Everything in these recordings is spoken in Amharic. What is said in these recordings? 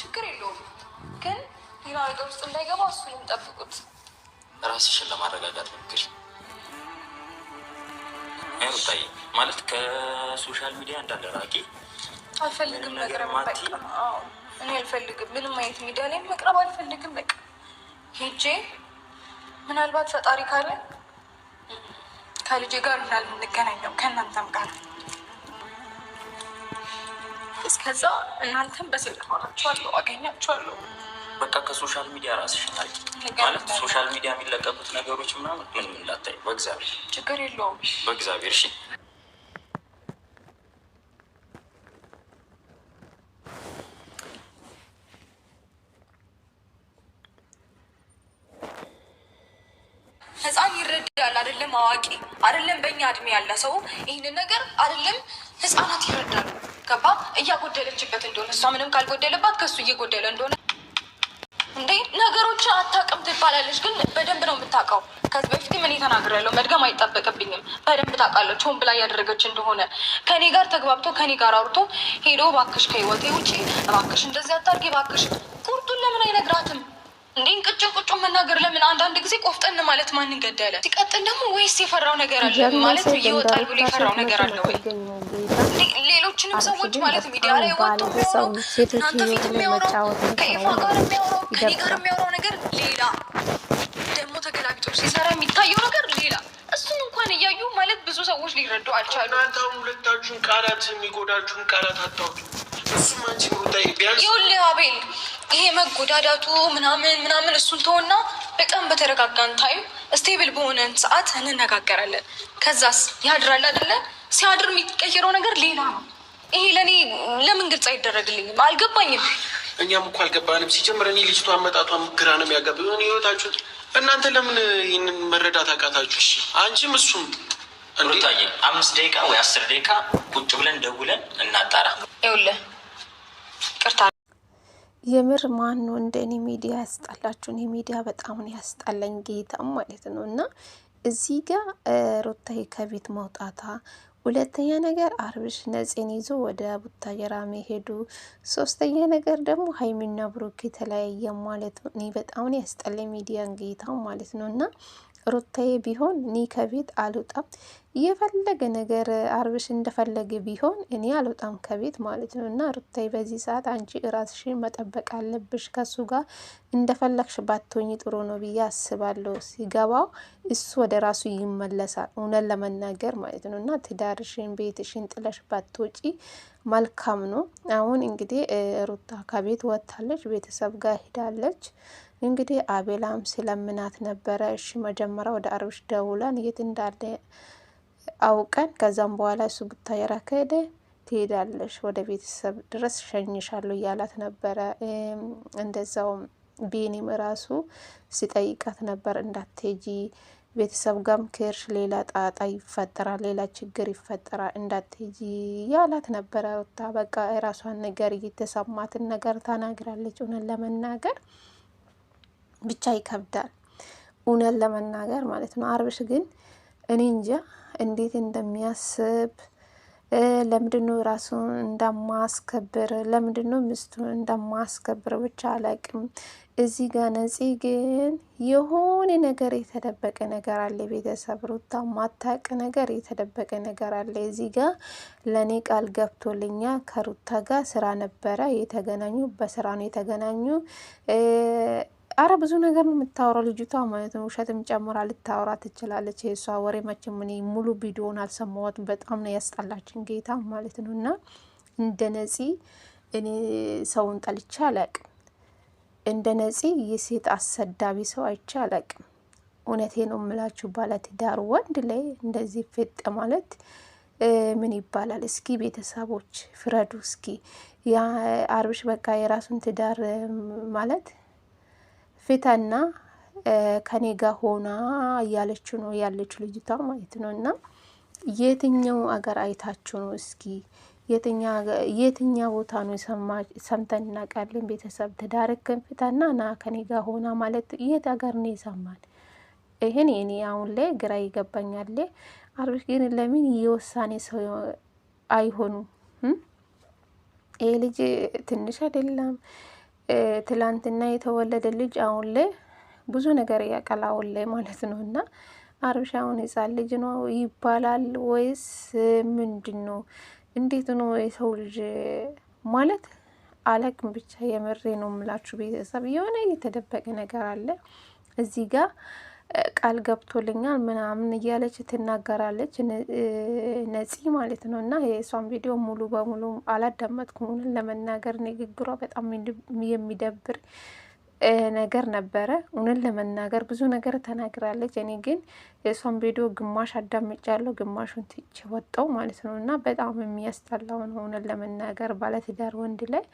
ችግር የለውም። ግን ሌላ ነገር ውስጥ እንዳይገባ እሱንም ጠብቁት። ራስሽን ለማረጋጋት ሞክሪ ሩታዬ። ማለት ከሶሻል ሚዲያ እንዳለ ራቂ። አልፈልግም ነገር ማቲ እኔ አልፈልግም። ምንም አይነት ሚዲያ ላይ መቅረብ አልፈልግም። በቃ ሄጄ ምናልባት ፈጣሪ ካለ ከልጄ ጋር ምናል የምንገናኘው ከእናንተም ጋር ከዛ እናንተም በስልክ ሆናችኋለሁ አገኛችኋለሁ። በቃ ከሶሻል ሚዲያ ራስሽን ማለት ሶሻል ሚዲያ የሚለቀቁት ነገሮች ምናምን ምንም እንዳታይ በእግዚአብሔር ችግር የለውም በእግዚአብሔር እሺ። አይደለም አዋቂ አይደለም በእኛ እድሜ ያለ ሰው ይህንን ነገር አይደለም ህፃናት ይረዳሉ። ገባ እያጎደለችበት እንደሆነ እሷ ምንም ካልጎደለባት ከሱ እየጎደለ እንደሆነ እንዴ ነገሮችን አታውቅም ትባላለች፣ ግን በደንብ ነው የምታውቀው። ከዚህ በፊት ምን ተናግሬያለሁ፣ መድገም አይጠበቅብኝም። በደንብ ታውቃለች ሆን ብላ እያደረገች እንደሆነ። ከኔ ጋር ተግባብቶ ከኔ ጋር አውርቶ ሄዶ እባክሽ ከህይወቴ ውጪ፣ እባክሽ እንደዚህ አታርጊ፣ እባክሽ ቁርጡን ለምን አይነግራትም? እንዴ ቅጭን ቁጩ መናገር ለምን? አንዳንድ ጊዜ ቆፍጠን ማለት ማንን ገደለ? ሲቀጥል ደግሞ ወይስ የፈራው ነገር አለ ማለት ይወጣል ብሎ የፈራው ነገር አለ ወይ? ሌሎችንም ሰዎች ማለት ሚዲያ ላይ ወጡ ከኤፋ ጋር የሚያወራው ከኔ ጋር የሚያወራው ነገር ሌላ፣ ደግሞ ተገላግጦ ሲሰራ የሚታየው ነገር ሌላ። እሱን እንኳን እያዩ ማለት ብዙ ሰዎች ሊረዱ አልቻሉ። እናንተም ሁለታችሁን ቃላት የሚጎዳችሁን ቃላት እሱም አንቺ ቢያንስ ይኸውልህ አቤል ይሄ መጎዳዳቱ ምናምን ምናምን እሱን ተውና በጣም በተረጋጋን ታይም ስቴብል በሆነን ሰዓት እንነጋገራለን። ከዛስ ያድራል አይደለ? ሲያድር የሚቀየረው ነገር ሌላ ነው። ይሄ ለእኔ ለምን ግልጽ አይደረግልኝም? አልገባኝም። እኛም እኮ አልገባንም። ሲጀምር እኔ ልጅቷ አመጣጧም ግራ ነው የሚያጋብ ሆን ህይወታችሁ እናንተ ለምን ይህንን መረዳት አቃታችሁ? እሺ አንቺም እሱም ሩታዬ፣ አምስት ደቂቃ ወይ አስር ደቂቃ ቁጭ ብለን ደውለን እናጣራ። ይውለ ቅርታ የምር ማን ነው እንደ እኔ ሚዲያ ያስጣላችሁ? እኔ ሚዲያ በጣም ነው ያስጣለኝ ጌታም ማለት ነው። እና እዚህ ጋር ሩታዬ ከቤት መውጣታ፣ ሁለተኛ ነገር አብርሽ ነፂን ይዞ ወደ ቡታጀራ መሄዱ፣ ሶስተኛ ነገር ደግሞ ሀይሚና ብሩክ የተለያየ ማለት ነው። እኔ በጣም ነው ያስጠላኝ ሚዲያን ጌታም ማለት ነው እና ሩታዬ ቢሆን እኔ ከቤት አልወጣም። የፈለገ ነገር አብርሽ እንደፈለገ ቢሆን እኔ አልወጣም ከቤት ማለት ነው። እና ሩታዬ በዚህ ሰዓት አንቺ እራስሽ መጠበቅ አለብሽ። ከሱ ጋር እንደፈለግሽ ባትሆኝ ጥሩ ነው ብዬ አስባለሁ። ሲገባው እሱ ወደ ራሱ ይመለሳል፣ እውነት ለመናገር ማለት ነው። እና ትዳርሽን ቤትሽን ጥለሽ ባትወጪ መልካም ነው። አሁን እንግዲህ ሩታ ከቤት ወጥታለች፣ ቤተሰብ ጋር ሂዳለች። እንግዲህ አቤላም ስለምናት ነበረ። እሺ መጀመሪያ ወደ አብርሽ ደውለን የት እንዳለ አውቀን ከዛም በኋላ እሱ ቡታየራ ከሄደ ትሄዳለሽ፣ ወደ ቤተሰብ ድረስ ሸኝሻሉ እያላት ነበረ። እንደዛው ቢኒም ራሱ ሲጠይቃት ነበር እንዳትሄጂ ቤተሰብ ጋም ክርሽ ሌላ ጣጣ ይፈጠራል፣ ሌላ ችግር ይፈጠራል፣ እንዳትሄጂ ያላት ነበረ። ወታ በቃ የራሷን ነገር እየተሰማትን ነገር ተናግራለች እውነን ለመናገር ብቻ ይከብዳል፣ እውነት ለመናገር ማለት ነው። አብርሽ ግን እኔ እንጃ እንዴት እንደሚያስብ ለምንድነው ራሱን እንደማስከብር ለምንድነው ሚስቱን እንደማስከብር ብቻ አላቅም። እዚህ ጋር ነፂ ግን የሆነ ነገር የተደበቀ ነገር አለ። ቤተሰብ ሩታ ማታቅ ነገር የተደበቀ ነገር አለ። እዚህ ጋር ለእኔ ቃል ገብቶልኛ ከሩታ ጋር ስራ ነበረ የተገናኙ፣ በስራ ነው የተገናኙ አረ ብዙ ነገር ነው የምታወራው ልጅቷ ማለት ነው። ውሸትም ጨምራ ልታወራ ትችላለች። የእሷ ወሬ መቼም እኔ ሙሉ ቪዲዮን አልሰማሁትም። በጣም ነው ያስጠላችን ጌታ ማለት ነው። እና እንደ ነፂ እኔ ሰውን ጠልቼ አላቅም። እንደ ነፂ የሴት አሰዳቢ ሰው አይቼ አላቅም። እውነቴ ነው የምላችሁ። ባለትዳር ወንድ ላይ እንደዚህ ፍጥ ማለት ምን ይባላል? እስኪ ቤተሰቦች ፍረዱ። እስኪ አብርሽ በቃ የራሱን ትዳር ማለት ፊታና ከኔ ጋር ሆና እያለችው ነው ያለችው ልጅቷ ማለት ነው። እና የትኛው አገር አይታችሁ ነው እስኪ የትኛ ቦታ ነው ሰምተን እናውቃለን? ቤተሰብ ተዳረግን ፍታና ና ከኔ ጋር ሆና ማለት የት አገር ነው የሰማን? ይህን እኔ አሁን ላይ ግራ ይገባኛል። አብርሽ ግን ለምን የወሳኔ ሰው አይሆኑም? ይህ ልጅ ትንሽ አይደለም። ትላንትና የተወለደ ልጅ አሁን ላይ ብዙ ነገር ያቀላ አሁን ላይ ማለት ነው። እና አብርሽ አሁን ሕፃን ልጅ ነው ይባላል ወይስ ምንድን ነው? እንዴት ነው የሰው ልጅ ማለት አለቅም። ብቻ የምሬ ነው የምላችሁ ቤተሰብ የሆነ የተደበቀ ነገር አለ እዚህ ጋር ቃል ገብቶልኛል ምናምን እያለች ትናገራለች ነፂ ማለት ነው። እና የእሷን ቪዲዮ ሙሉ በሙሉ አላዳመጥኩም ለመናገር ንግግሯ በጣም የሚደብር ነገር ነበረ። እውነት ለመናገር ብዙ ነገር ተናግራለች። እኔ ግን የእሷን ቪዲዮ ግማሽ አዳምጫለሁ፣ ግማሹን ትቼ ወጣው ማለት ነው እና በጣም የሚያስጠላው ነው። እውነት ለመናገር ባለትዳር ወንድ ላይ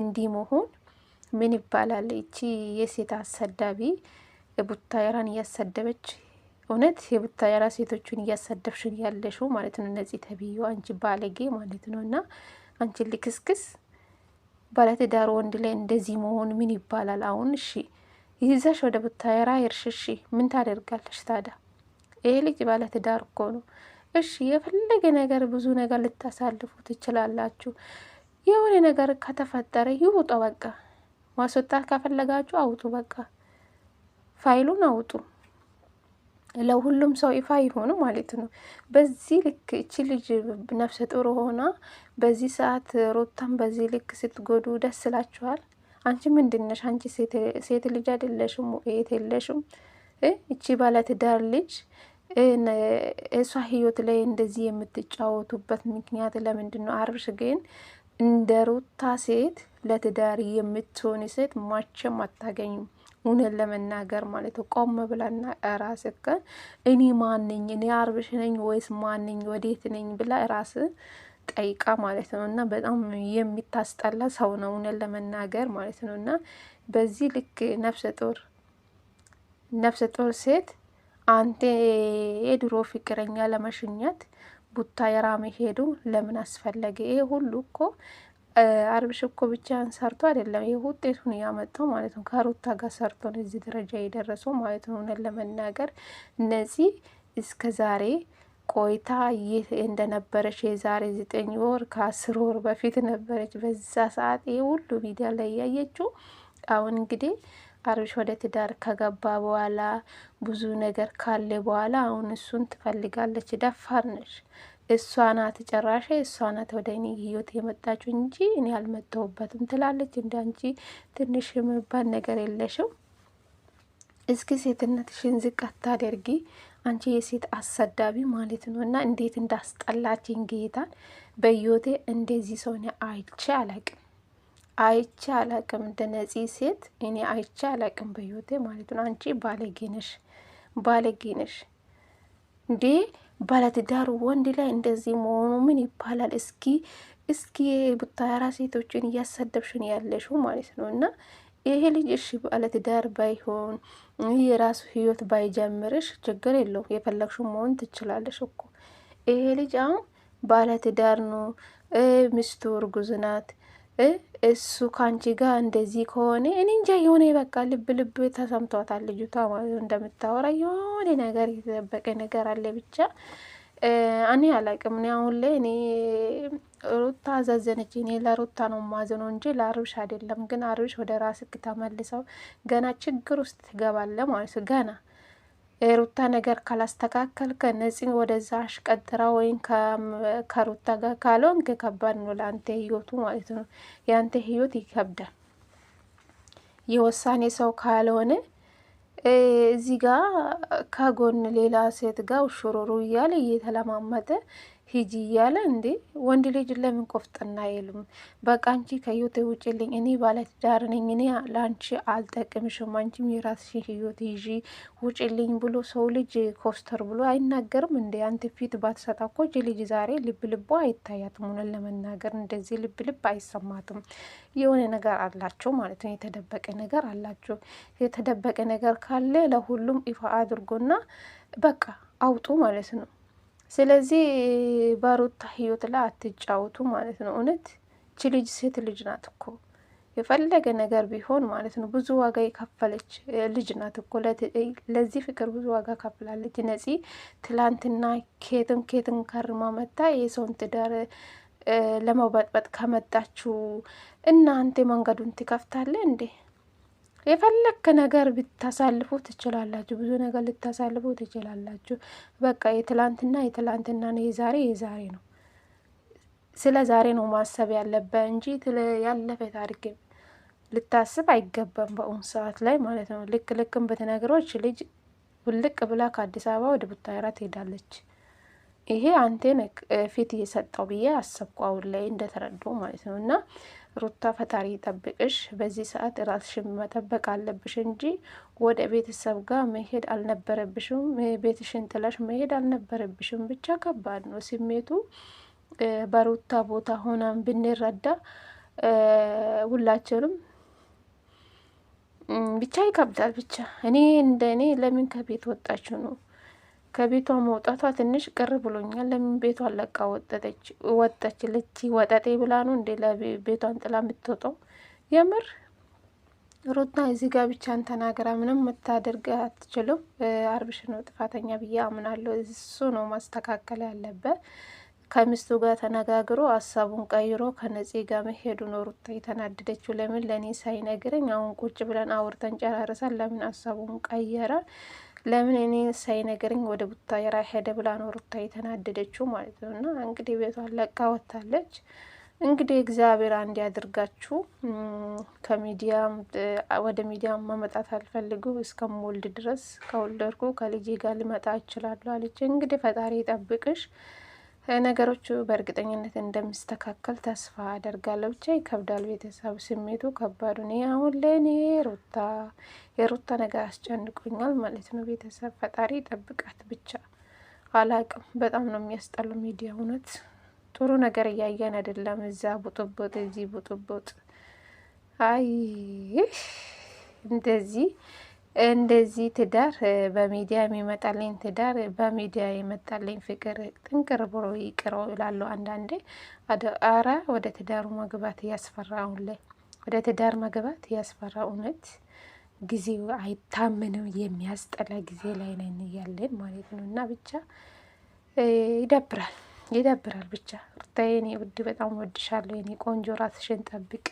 እንዲህ መሆን ምን ይባላል? ይቺ የሴት አሰዳቢ ቡታየራን እያሰደበች እውነት የቡታየራ ሴቶቹን እያሳደብሽን ያለሽው ማለት ነው። እነዚህ ተብዩ አንቺ ባለጌ ማለት ነው። እና አንቺ ልክስክስ ባለትዳር ወንድ ላይ እንደዚህ መሆን ምን ይባላል? አሁን እሺ ይዘሽ ወደ ቡታየራ ሄድሽ። እሺ ምን ታደርጋለሽ ታዳ? ይሄ ልጅ ባለትዳር እኮ ነው። እሺ የፈለገ ነገር ብዙ ነገር ልታሳልፉ ትችላላችሁ። የሆነ ነገር ከተፈጠረ ይውጡ በቃ። ማስወጣት ካፈለጋችሁ አውጡ በቃ። ፋይሉን አውጡ፣ ለሁሉም ሰው ይፋ ይሆኑ ማለት ነው። በዚህ ልክ እቺ ልጅ ነፍሰ ጡር ሆና በዚህ ሰዓት ሩታን በዚህ ልክ ስትጎዱ ደስ ስላችኋል? አንቺ ምንድነሽ? አንቺ ሴት ልጅ አይደለሽም? የት የለሽም። እቺ ባለትዳር ልጅ እሷ ህይወት ላይ እንደዚህ የምትጫወቱበት ምክንያት ለምንድን ነው? አብርሽ ግን እንደ ሩታ ሴት ለትዳር የምትሆን ሴት ማቸም አታገኙም። እውነት ለመናገር ማለት ነው። ቆም ብላና ራስህን እኔ ማንኝ እኔ አርብሽ ነኝ ወይስ ማንኝ ወዴት ነኝ ብላ ራስ ጠይቃ ማለት ነው። እና በጣም የሚታስጠላ ሰው ነው እውነት ለመናገር ማለት ነው። እና በዚህ ልክ ነፍሰ ጡር ነፍሰ ጡር ሴት አንተ የድሮ ፍቅረኛ ለመሸኘት ቡታ የራመ ሄዱ ለምን አስፈለገ? ይሄ ሁሉ እኮ አብርሽ እኮ ብቻን ሰርቶ አይደለም ይህ ውጤቱን ያመጣው ማለት ነው። ከሩታ ጋር ሰርቶ ነው እዚህ ደረጃ የደረሰው ማለት ነው። እውነት ለመናገር እነዚህ እስከ ዛሬ ቆይታ ይህ እንደነበረች የዛሬ ዘጠኝ ወር ከአስር ወር በፊት ነበረች። በዛ ሰዓት ይህ ሁሉ ሚዲያ ላይ ያየችው አሁን እንግዲህ አብርሽ ወደ ትዳር ከገባ በኋላ ብዙ ነገር ካለ በኋላ አሁን እሱን ትፈልጋለች። ደፋር ነች። እሷ ናት ጨራሽ እሷ ናት ወደ እኔ ህይወት የመጣችው እንጂ እኔ አልመጣሁበትም ትላለች። እንደ አንቺ ትንሽ የምባል ነገር የለሽም። እስኪ ሴትነትሽን ዝቅ አታደርጊ። አንቺ የሴት አሰዳቢ ማለት ነው። እና እንዴት እንዳስጠላችኝ ጌታን በህይወቴ እንደዚህ ሰውን እኔ አይቼ አላቅም፣ አይቼ አላቅም። እንደ ነጺ ሴት እኔ አይቼ አላቅም በህይወቴ ማለት ነው። አንቺ ባለጌ ነሽ፣ ባለጌ ነሽ እንዴ ባለትዳር ወንድ ላይ እንደዚህ መሆኑ ምን ይባላል? እስኪ እስኪ ቡታራ ሴቶችን እያሰደብሽን ያለሽው ማለት ነው እና ይሄ ልጅ እሺ ባለትዳር ባይሆን የራሱ ህይወት ባይጀምርሽ ችግር የለው፣ የፈለግሽው መሆን ትችላለሽ እኮ። ይሄ ልጅ አሁን ባለትዳር ነው፣ ሚስቱ እርጉዝ ናት። እሱ ከአንቺ ጋር እንደዚህ ከሆነ እኔ እንጃ የሆነ በቃ ልብ ልብ ተሰምቷታል ልጅቷ እንደምታወራ የሆነ ነገር የተጠበቀ ነገር አለ ብቻ እኔ አላቅም። እኔ አሁን ላይ እኔ ሩታ አዛዘነች። እኔ ለሩታ ነው ማዘነው እንጂ ለአብርሽ አይደለም። ግን አብርሽ ወደ ራስህ ተመልሰው ገና ችግር ውስጥ ትገባለህ ማለት ገና የሩታ ነገር ካላስተካከል ከነፂን ወደዛ አሽቀጥራ ወይም ከሩታ ጋር ካልሆንክ ከባድ ነው ለአንተ ህይወቱ ማለት ነው። የአንተ ህይወት ይከብዳል። የወሳኔ ሰው ካልሆነ እዚህ ጋር ከጎን ሌላ ሴት ጋር ሽሩሩ እያለ እየተለማመጠ ሂጂ እያለ እንዴ ወንድ ልጅ ለምን ቆፍጠና አይልም? በቃ አንቺ ከህይወቴ ውጭልኝ፣ እኔ ባለትዳር ነኝ፣ እኔ ለአንቺ አልጠቅምሽም፣ አንቺም የራስሽ ህይወት ይዤ ውጭልኝ ብሎ ሰው ልጅ ኮስተር ብሎ አይናገርም እንዴ? አንተ ፊት ባትሰጣ እኮ ልጅ ዛሬ ልብ ልቦ አይታያትም። ሆነን ለመናገር እንደዚህ ልብ ልብ አይሰማትም። የሆነ ነገር አላቸው ማለት ነው፣ የተደበቀ ነገር አላቸው። የተደበቀ ነገር ካለ ለሁሉም ይፋ አድርጎና በቃ አውጡ ማለት ነው። ስለዚህ በሩታ ህይወት ላይ አትጫወቱ ማለት ነው። እውነት እቺ ልጅ ሴት ልጅ ናት እኮ የፈለገ ነገር ቢሆን ማለት ነው ብዙ ዋጋ የከፈለች ልጅ ናት እኮ ለዚህ ፍቅር ብዙ ዋጋ ከፍላለች። ነፂ ትላንትና ኬትን ኬትን ከርማ መታ የሰውን ትዳር ለመበጥበጥ ከመጣችሁ እናንተ መንገዱን ትከፍታለ እንዴ? የፈለክ ነገር ብታሳልፉ ትችላላችሁ። ብዙ ነገር ልታሳልፉ ትችላላችሁ። በቃ የትላንትና የትላንትና ነው፣ የዛሬ የዛሬ ነው። ስለ ዛሬ ነው ማሰብ ያለበት እንጂ ያለፈ ታሪክ ልታስብ አይገባም። በአሁኑ ሰዓት ላይ ማለት ነው። ልክ ልክም በተነገሮች ልጅ ውልቅ ብላ ከአዲስ አበባ ወደ ቡታራ ትሄዳለች። ይሄ አንቴን ፊት እየሰጠው ብዬ አሰብኩ አሁን ላይ እንደተረዱ ማለት ነው እና ሩታ ፈጣሪ ይጠብቅሽ። በዚህ ሰዓት ራስሽን መጠበቅ አለብሽ እንጂ ወደ ቤተሰብ ጋር መሄድ አልነበረብሽም። ቤትሽን ጥለሽ መሄድ አልነበረብሽም። ብቻ ከባድ ነው ስሜቱ። በሩታ ቦታ ሆናን ብንረዳ ሁላችንም ብቻ ይከብዳል። ብቻ እኔ እንደ እኔ ለምን ከቤት ወጣችሁ ነው ከቤቷ መውጣቷ ትንሽ ቅር ብሎኛል። ለምን ቤቷ ለቃ ወጠች ወጠች ልቺ ወጠጤ ብላ ነው እንዴ ለቤቷን ጥላ የምትወጣው? የምር ሩታ እዚህ ጋር ብቻን ተናገራ ምንም የምታደርግ አትችልም። አብርሽ ነው ጥፋተኛ ብዬ አምናለሁ። እሱ ነው ማስተካከል ያለበት። ከሚስቱ ጋር ተነጋግሮ ሀሳቡን ቀይሮ ከነፂ ጋር መሄዱ ነው ሩታ የተናደደችው። ለምን ለእኔ ሳይነግረኝ አሁን ቁጭ ብለን አውርተን ጨራርሰን ለምን ሀሳቡን ቀየረ? ለምን እኔ ሳይነገረኝ ወደ ቡታ ሄደ ብላ ነው ሩታ የተናደደችው ማለት ነው። እና እንግዲህ ቤቷን ለቃ ወጥታለች። እንግዲህ እግዚአብሔር አንድ ያድርጋችሁ። ከሚዲያም ወደ ሚዲያ መመጣት አልፈልግም እስከምወልድ ድረስ ከወልደርኩ ከልጄ ጋር ልመጣ እችላለሁ አለች። እንግዲህ ፈጣሪ ይጠብቅሽ። ነገሮቹ በእርግጠኝነት እንደሚስተካከል ተስፋ አደርጋለሁ። ብቻ ይከብዳል ቤተሰብ ስሜቱ ከባዱ ኔ አሁን ለእኔ ሩታ የሩታ ነገር አስጨንቆኛል ማለት ነው። ቤተሰብ ፈጣሪ ጠብቃት ብቻ አላቅም። በጣም ነው የሚያስጠሉ ሚዲያ እውነት። ጥሩ ነገር እያየን አይደለም። እዛ ቡጥቡጥ፣ እዚህ ቡጥቡጥ። አይ እንደዚህ እንደዚህ ትዳር በሚዲያ የሚመጣልኝ ትዳር በሚዲያ የመጣልኝ ፍቅር ጥንቅር ብሮ ይቅረው ይላሉ። አንዳንዴ አረ ወደ ትዳሩ መግባት እያስፈራ፣ አሁን ላይ ወደ ትዳር መግባት እያስፈራ። እውነት ጊዜው አይታምንም። የሚያስጠላ ጊዜ ላይ ነን እያለን ማለት ነው። እና ብቻ ይደብራል፣ ይደብራል። ብቻ ሩታዬ፣ እኔ ውድ በጣም ወድሻለሁ የኔ ቆንጆ፣ ራስሽን ጠብቅ።